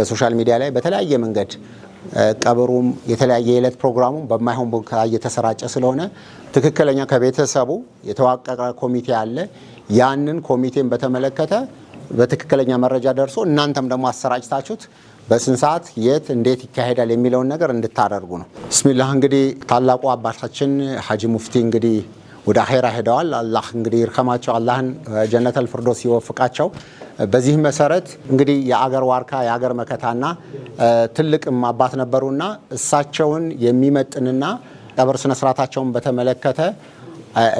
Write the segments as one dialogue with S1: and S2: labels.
S1: በሶሻል ሚዲያ ላይ በተለያየ መንገድ ቀብሩም የተለያየ የዕለት ፕሮግራሙም በማይሆን ቦታ እየተሰራጨ ስለሆነ ትክክለኛ ከቤተሰቡ የተዋቀቀ ኮሚቴ አለ። ያንን ኮሚቴን በተመለከተ በትክክለኛ መረጃ ደርሶ እናንተም ደግሞ አሰራጭታችሁት በስን ሰዓት የት እንዴት ይካሄዳል የሚለውን ነገር እንድታደርጉ ነው። ብስሚላህ እንግዲህ ታላቁ አባታችን ሀጂ ሙፍቲ እንግዲህ ወደ አኼራ ሄደዋል። አላህ እንግዲህ ይርከማቸው፣ አላህን ጀነተል ፍርዶስ ይወፍቃቸው። በዚህ መሰረት እንግዲህ የአገር ዋርካ የአገር መከታና ትልቅም አባት ነበሩና እሳቸውን የሚመጥንና ቀብር ስነስርዓታቸውን በተመለከተ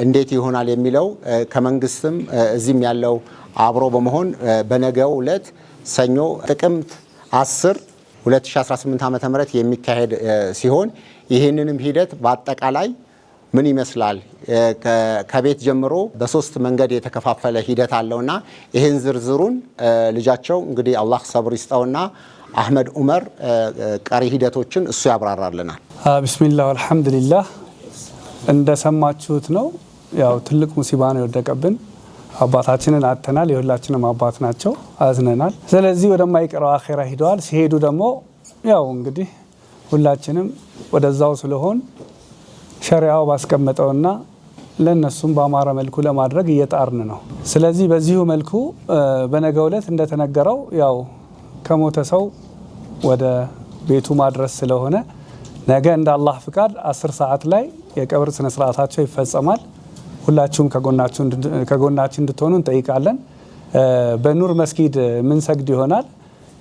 S1: እንዴት ይሆናል የሚለው ከመንግስትም እዚህም ያለው አብሮ በመሆን በነገው ዕለት ሰኞ ጥቅምት 10 2018 ዓ ም የሚካሄድ ሲሆን ይህንንም ሂደት በአጠቃላይ ምን ይመስላል? ከቤት ጀምሮ በሶስት መንገድ የተከፋፈለ ሂደት አለውና ይህን ዝርዝሩን ልጃቸው እንግዲህ አላህ ሰብር ይስጠውና አህመድ ዑመር ቀሪ ሂደቶችን እሱ ያብራራልናል።
S2: ብስሚላህ አልሐምዱሊላህ። እንደሰማችሁት ነው። ያው ትልቅ ሙሲባ ነው የወደቀብን። አባታችንን አተናል። የሁላችንም አባት ናቸው። አዝነናል። ስለዚህ ወደማይቀረው አኼራ ሂደዋል። ሲሄዱ ደግሞ ያው እንግዲህ ሁላችንም ወደዛው ስለሆን ሸሪያው ባስቀመጠውና ለእነሱም በአማረ መልኩ ለማድረግ እየጣርን ነው። ስለዚህ በዚሁ መልኩ በነገው ዕለት እንደተነገረው ያው ከሞተ ሰው ወደ ቤቱ ማድረስ ስለሆነ ነገ እንደ አላህ ፍቃድ አስር ሰዓት ላይ የቀብር ስነስርዓታቸው ይፈጸማል። ሁላችሁም ከጎናችን እንድትሆኑ እንጠይቃለን። በኑር መስጊድ ምንሰግድ ይሆናል።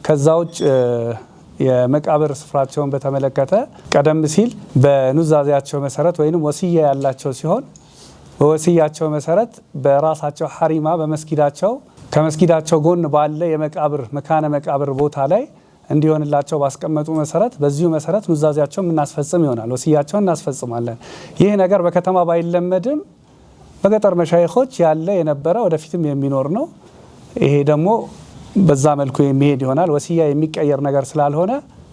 S2: ከዛ ውጭ የመቃብር ስፍራቸውን በተመለከተ ቀደም ሲል በኑዛዜያቸው መሰረት ወይም ወስያ ያላቸው ሲሆን በወስያቸው መሰረት በራሳቸው ሐሪማ በመስጊዳቸው ከመስጊዳቸው ጎን ባለ የመቃብር መካነ መቃብር ቦታ ላይ እንዲሆንላቸው ባስቀመጡ መሰረት በዚሁ መሰረት ኑዛዜያቸውን የምናስፈጽም ይሆናል። ወስያቸውን እናስፈጽማለን። ይህ ነገር በከተማ ባይለመድም በገጠር መሻይኮች ያለ የነበረ ወደፊትም የሚኖር ነው። ይሄ ደግሞ በዛ መልኩ የሚሄድ ይሆናል። ወሲያ የሚቀየር ነገር ስላልሆነ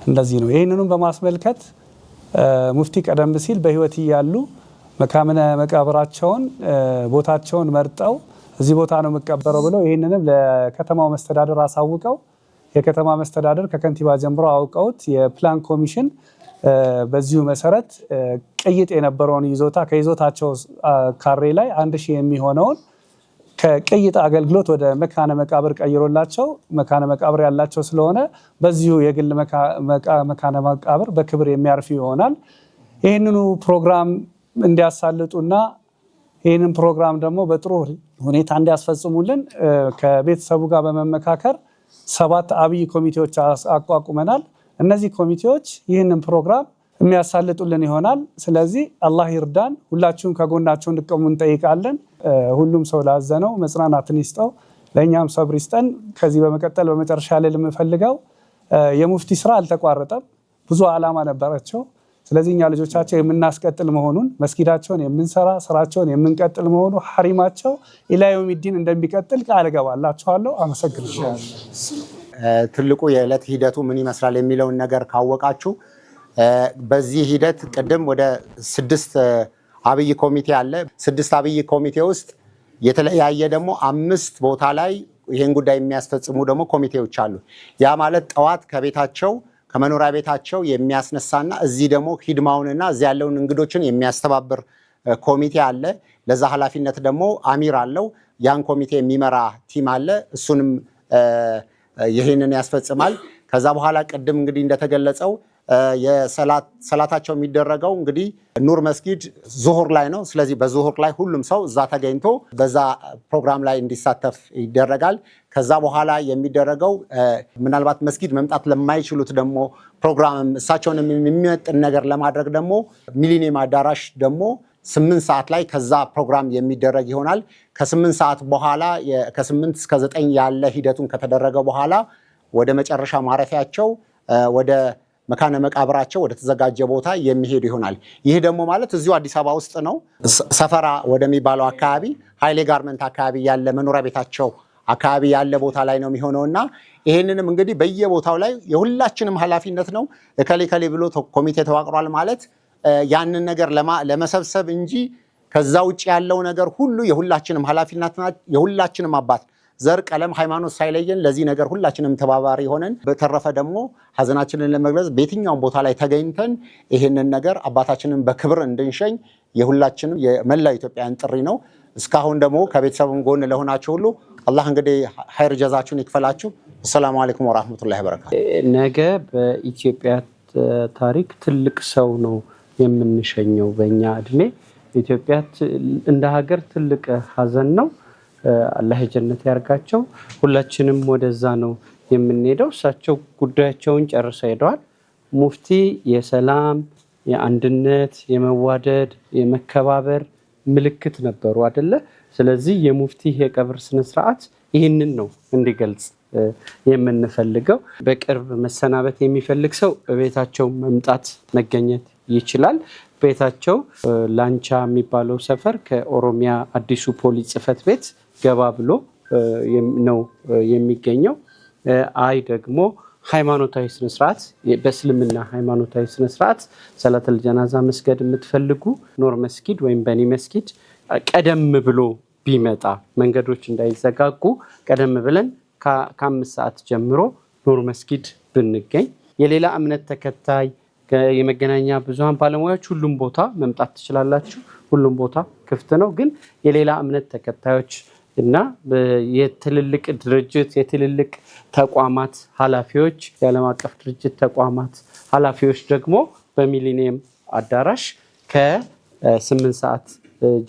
S2: እንደዚህ ነው። ይህንኑም በማስመልከት ሙፍቲ ቀደም ሲል በህይወት እያሉ መካምነ መቃብራቸውን ቦታቸውን መርጠው እዚህ ቦታ ነው የምቀበረው ብለው ይህንንም ለከተማው መስተዳደር አሳውቀው የከተማ መስተዳደር ከከንቲባ ጀምሮ አውቀውት የፕላን ኮሚሽን በዚሁ መሰረት ቅይጥ የነበረውን ይዞታ ከይዞታቸው ካሬ ላይ አንድ ሺህ የሚሆነውን ከቅይጥ አገልግሎት ወደ መካነ መቃብር ቀይሮላቸው መካነ መቃብር ያላቸው ስለሆነ በዚሁ የግል መካነ መቃብር በክብር የሚያርፍ ይሆናል። ይህንኑ ፕሮግራም እንዲያሳልጡና ይህንን ፕሮግራም ደግሞ በጥሩ ሁኔታ እንዲያስፈጽሙልን ከቤተሰቡ ጋር በመመካከር ሰባት አብይ ኮሚቴዎች አቋቁመናል። እነዚህ ኮሚቴዎች ይህንን ፕሮግራም የሚያሳልጡልን ይሆናል። ስለዚህ አላህ ይርዳን። ሁላችሁም ከጎናቸው እንድቀሙ እንጠይቃለን። ሁሉም ሰው ላዘነው መጽናናትን ይስጠው፣ ለእኛም ሰብር ይስጠን። ከዚህ በመቀጠል በመጨረሻ ላይ የምፈልገው የሙፍቲ ስራ አልተቋረጠም፣ ብዙ አላማ ነበራቸው። ስለዚህ እኛ ልጆቻቸው የምናስቀጥል መሆኑን መስጊዳቸውን የምንሰራ ስራቸውን የምንቀጥል መሆኑ ሐሪማቸው ኢላዮሚዲን እንደሚቀጥል ቃል እገባላችኋለሁ። አመሰግናለሁ።
S1: ትልቁ የዕለት ሂደቱ ምን ይመስላል የሚለውን ነገር ካወቃችሁ በዚህ ሂደት ቅድም ወደ ስድስት አብይ ኮሚቴ አለ። ስድስት አብይ ኮሚቴ ውስጥ የተለያየ ደግሞ አምስት ቦታ ላይ ይህን ጉዳይ የሚያስፈጽሙ ደግሞ ኮሚቴዎች አሉ። ያ ማለት ጠዋት ከቤታቸው ከመኖሪያ ቤታቸው የሚያስነሳና እዚህ ደግሞ ሂድማውንና እዚህ ያለውን እንግዶችን የሚያስተባብር ኮሚቴ አለ። ለዛ ኃላፊነት ደግሞ አሚር አለው። ያን ኮሚቴ የሚመራ ቲም አለ። እሱንም ይህንን ያስፈጽማል። ከዛ በኋላ ቅድም እንግዲህ እንደተገለጸው ሰላታቸው የሚደረገው እንግዲህ ኑር መስጊድ ዙሁር ላይ ነው። ስለዚህ በዙሁር ላይ ሁሉም ሰው እዛ ተገኝቶ በዛ ፕሮግራም ላይ እንዲሳተፍ ይደረጋል። ከዛ በኋላ የሚደረገው ምናልባት መስጊድ መምጣት ለማይችሉት ደግሞ ፕሮግራም እሳቸውን የሚመጥን ነገር ለማድረግ ደግሞ ሚሊኒየም አዳራሽ ደግሞ ስምንት ሰዓት ላይ ከዛ ፕሮግራም የሚደረግ ይሆናል። ከስምንት ሰዓት በኋላ ከስምንት እስከ ዘጠኝ ያለ ሂደቱን ከተደረገ በኋላ ወደ መጨረሻ ማረፊያቸው ወደ መካነ መቃብራቸው ወደ ተዘጋጀ ቦታ የሚሄዱ ይሆናል። ይህ ደግሞ ማለት እዚሁ አዲስ አበባ ውስጥ ነው። ሰፈራ ወደሚባለው አካባቢ ኃይሌ ጋርመንት አካባቢ ያለ መኖሪያ ቤታቸው አካባቢ ያለ ቦታ ላይ ነው የሚሆነው እና ይህንንም እንግዲህ በየቦታው ላይ የሁላችንም ኃላፊነት ነው። እከሌ ከሌ ብሎ ኮሚቴ ተዋቅሯል ማለት ያንን ነገር ለመሰብሰብ እንጂ ከዛ ውጭ ያለው ነገር ሁሉ የሁላችንም ኃላፊነት የሁላችንም አባት ዘር፣ ቀለም፣ ሃይማኖት ሳይለየን ለዚህ ነገር ሁላችንም ተባባሪ ሆነን በተረፈ ደግሞ ሀዘናችንን ለመግለጽ በየትኛውም ቦታ ላይ ተገኝተን ይህንን ነገር አባታችንን በክብር እንድንሸኝ የሁላችንም የመላ ኢትዮጵያን ጥሪ ነው። እስካሁን ደግሞ ከቤተሰብም ጎን ለሆናችሁ ሁሉ አላህ እንግዲህ ሀይር ጀዛችሁን ይክፈላችሁ። አሰላሙ አለይኩም ወራህመቱላሂ ወበረካቱ።
S2: ነገ በኢትዮጵያ ታሪክ ትልቅ ሰው ነው የምንሸኘው። በእኛ እድሜ ኢትዮጵያ እንደ ሀገር ትልቅ ሀዘን ነው። አላህ የጀነት ያርጋቸው። ሁላችንም ወደዛ ነው የምንሄደው። እሳቸው ጉዳያቸውን ጨርሰው ሄደዋል። ሙፍቲ የሰላም የአንድነት፣ የመዋደድ፣ የመከባበር ምልክት ነበሩ አደለ? ስለዚህ የሙፍቲ የቀብር ስነስርዓት ይህንን ነው እንዲገልጽ የምንፈልገው። በቅርብ መሰናበት የሚፈልግ ሰው ቤታቸው መምጣት መገኘት ይችላል። ቤታቸው ላንቻ የሚባለው ሰፈር ከኦሮሚያ አዲሱ ፖሊስ ጽፈት ቤት ገባ ብሎ ነው የሚገኘው። አይ ደግሞ ሃይማኖታዊ ስነስርዓት በእስልምና ሃይማኖታዊ ስነስርዓት ሰላተል ጀናዛ መስገድ የምትፈልጉ ኖር መስጊድ ወይም በኒ መስጊድ ቀደም ብሎ ቢመጣ መንገዶች እንዳይዘጋጉ ቀደም ብለን ከአምስት ሰዓት ጀምሮ ኖር መስጊድ ብንገኝ የሌላ እምነት ተከታይ የመገናኛ ብዙሃን ባለሙያዎች ሁሉም ቦታ መምጣት ትችላላችሁ። ሁሉም ቦታ ክፍት ነው። ግን የሌላ እምነት ተከታዮች እና የትልልቅ ድርጅት የትልልቅ ተቋማት ኃላፊዎች የዓለም አቀፍ ድርጅት ተቋማት ኃላፊዎች ደግሞ በሚሊኒየም አዳራሽ ከስምንት ሰዓት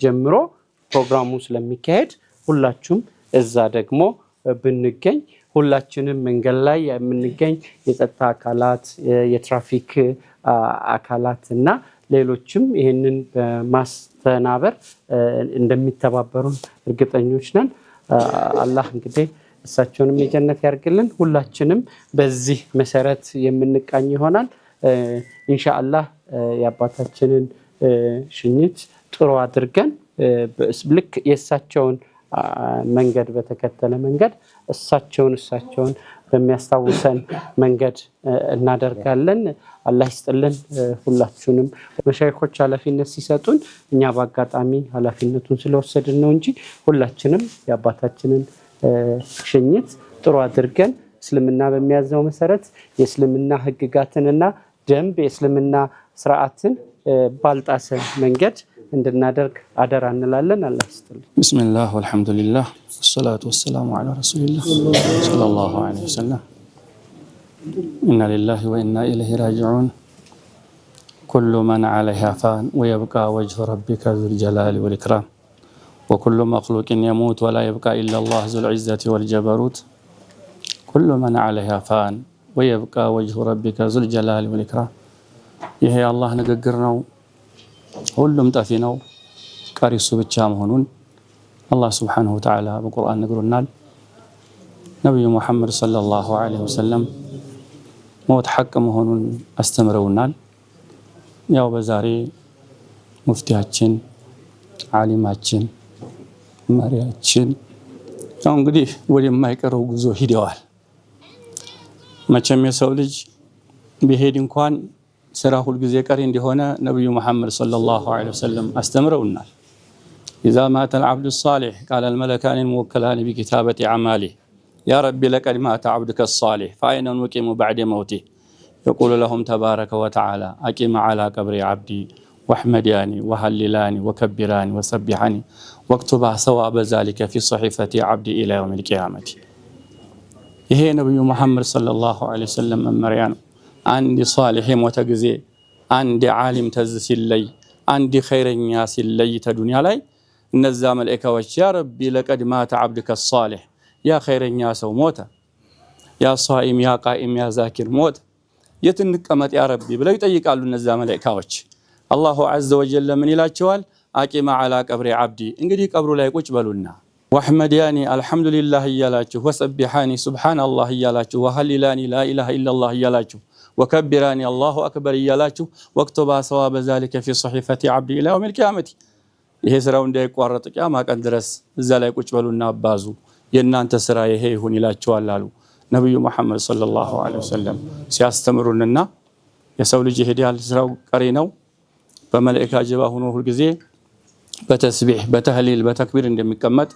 S2: ጀምሮ ፕሮግራሙ ስለሚካሄድ ሁላችሁም እዛ ደግሞ ብንገኝ ሁላችንም መንገድ ላይ የምንገኝ የጸጥታ አካላት፣ የትራፊክ አካላት እና ሌሎችም ይህንን በማስ ማስተናበር እንደሚተባበሩን እርግጠኞች ነን። አላህ እንግዲህ እሳቸውንም የጀነት ያርግልን። ሁላችንም በዚህ መሰረት የምንቃኝ ይሆናል። ኢንሻአላህ የአባታችንን ሽኝት ጥሩ አድርገን ልክ የእሳቸውን መንገድ በተከተለ መንገድ እሳቸውን እሳቸውን በሚያስታውሰን መንገድ እናደርጋለን። አላህ ይስጥልን ሁላችሁንም። መሻይኮች ኃላፊነት ሲሰጡን እኛ በአጋጣሚ ኃላፊነቱን ስለወሰድን ነው እንጂ ሁላችንም የአባታችንን ሽኝት ጥሩ አድርገን እስልምና በሚያዘው መሰረት የእስልምና ህግጋትንና ደንብ የእስልምና ስርዓትን ባልጣሰ መንገድ እንድናደርግ አደራ እንላለን። አላህ ይስጥልን። ብስሚላህ ወልሐምዱሊላህ ወሰላቱ ወሰላሙ ዓላ ረሱሊላህ ሰለላሁ ዓለይሂ ወሰለም። ኢና ሊላሂ ወኢና ኢለይሂ ራጅዑን ኩሉ መን ዓለይሃ ፋን ወየብቃ ወጅሁ ረቢከ ወል ወልኢክራም ወኩሉ መክሉቅን የሙት ወላ የብቃ ዙል ኢለላህ ወል ጀበሩት ኩሉ መን ዓለይሃ ፋን ወየብቃ ወጅሁ ረቢከ ወል ወልኢክራም። ይሄ የአላህ ንግግር ነው። ሁሉም ጠፊ ነው፣ ቀሪ እሱ ብቻ መሆኑን አላህ ስብሓነሁ ወተዓላ በቁርአን ነግሮናል። ነቢዩ ሙሐመድ ሰለላሁ ዐለይሂ ወሰለም ሞት ሐቅ መሆኑን አስተምረውናል። ያው በዛሬ ሙፍቲያችን፣ ዓሊማችን፣ መሪያችን ያው እንግዲህ ወደማይቀረው ጉዞ ሂደዋል። መቼም የሰው ልጅ ቢሄድ እንኳን ስራ ሁልጊዜ ቀሪ እንደሆነ ነቢዩ መሐመድ ሰለላሁ ዐለይሂ ወሰለም አስተምረውናል። ኢዛ ማተል ዐብዱ ሷሊሕ ቃለል መለካኒ ሙወከላኒ ቢኪታበቲ አዕማሊህ ያ ረቢ ለቀድ ማተ ዐብዱከ ሷሊሕ ፈአይነ ኑቂሙ በዕደ መውቲህ የቁሉ ለሁም ተባረከ ወተዓላ አቂመ ዐላ ቀብሪ ዐብዲ ወአሕመድያኒ ወሀሊላኒ ወከቢራኒ ወሰቢሐኒ ወክቱባ ሰዋበ ዛሊከ ፊ ሶሒፈቲ ዐብዲ ኢላ የውሚል ቂያመቲ። ይሄ ነቢዩ መሐመድ ሰለላሁ ዐለይሂ ወሰለም መመሪያ ነው። አንድ ሷሊህ የሞተ ጊዜ አንድ ዓሊም ተዝ ሲለይ አንድ ኸይረኛ ሲለይ ተዱንያ ላይ እነዛ መልእካዎች ያ ረቢ ለቀድ ማተ ዓብድከ ሷሊህ ያ ኸይረኛ ሰው ሞተ፣ ያ ሷኢም፣ ያ ቃኢም፣ ያ ዛኪር ሞተ፣ የት እንቀመጥ ያ ረቢ ብለው ይጠይቃሉ። እነዛ መላኢካዎች አላሁ ዐዘ ወጀለ ምን ይላቸዋል? አቂማ ዓላ ቀብሬ ዓብዲ፣ እንግዲህ ቀብሩ ላይ ቁጭ በሉና ወአሕመድያኒ አልሐምዱሊላህ እያላችሁ ወሰቢሓኒ ሱብሓነላህ እያላችሁ ወሀሊላኒ ላኢላሃ ኢለላህ እያላችሁ ወከቢራኒ አላሁ አክበር እያላችሁ ወክቱባ ሰዋበ ዛሊከ ፊ ሶሒፈቲ ዓብዲ ኢላ የውሚል ቂያመቲ ይሄ ስራው እንዳይቋረጥ ቂያማ ቀን ድረስ እዛ ላይ ቁጭ በሉና አባዙ የእናንተ ስራ ይሄ ይሁን ይላችኋል አሉ ነቢዩ መሐመድ ሰለላሁ ዐለይሂ ወሰለም ሲያስተምሩንና የሰው ልጅ ይሄዳል፣ ስራው ቀሪ ነው። በመላእክት አጀባ ሆኖ ሁልጊዜ በተስቢሕ በተህሊል በተክቢር እንደሚቀመጥ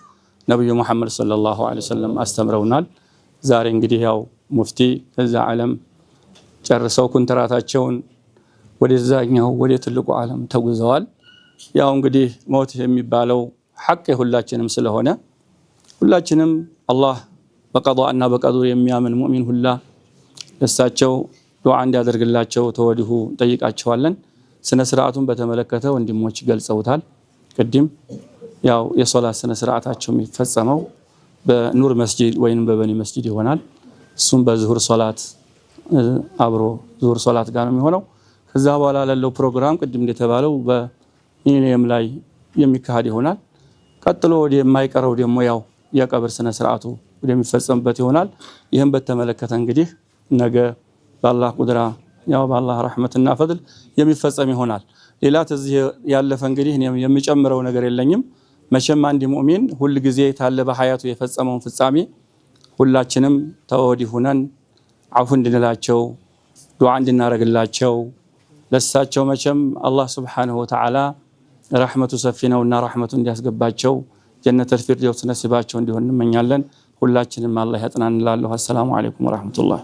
S2: ነቢዩ መሐመድ ሰለላሁ ዐለይሂ ወሰለም አስተምረውናል። ዛሬ እንግዲህ ያው ሙፍቲ እዛ ዓለም ጨርሰው ኩንትራታቸውን ወደዛኛው ወደ ትልቁ ዓለም ተጉዘዋል። ያው እንግዲህ ሞት የሚባለው ሐቅ የሁላችንም ስለሆነ ሁላችንም አላህ በቀዷ እና በቀዱር የሚያምን ሙእሚን ሁላ ለሳቸው ዱዓ እንዲያደርግላቸው ተወዲሁ እንጠይቃቸዋለን። ስነ ስርዓቱን በተመለከተ ወንድሞች ገልጸውታል ቅድም ያው የሶላት ስነ ስርዓታቸው የሚፈጸመው በኑር መስጂድ ወይም በበኒ መስጂድ ይሆናል። እሱም በዙሁር ሶላት አብሮ ዙሁር ሶላት ጋር ነው የሚሆነው። ከዛ በኋላ ላለው ፕሮግራም ቅድም እንደተባለው በሚሊኒየም ላይ የሚካሄድ ይሆናል። ቀጥሎ ወደ የማይቀረው ደግሞ ያው የቀብር ስነ ስርዓቱ ወደሚፈጸምበት ይሆናል። ይህም በተመለከተ እንግዲህ ነገ በአላህ ቁድራ ያው በአላህ ረህመትና ፈድል የሚፈጸም ይሆናል። ሌላ ተዚህ ያለፈ እንግዲህ የሚጨምረው ነገር የለኝም። መቼም አንድ ሙእሚን ሁል ጊዜ ታለ በሀያቱ የፈጸመውን ፍጻሜ ሁላችንም ተወዲ ሁነን አፉ እንድንላቸው ዱዓ እንድናደርግላቸው ለሳቸው መቼም አላህ ስብሓነሁ ወተዓላ ረሕመቱ ሰፊ ነውና ረሕመቱ እንዲያስገባቸው ጀነተል ፊርደውስ ነሲባቸው እንዲሆን እንመኛለን። ሁላችንም አላህ ያጽናንላለሁ። አሰላሙ አለይኩም ወረሕመቱላህ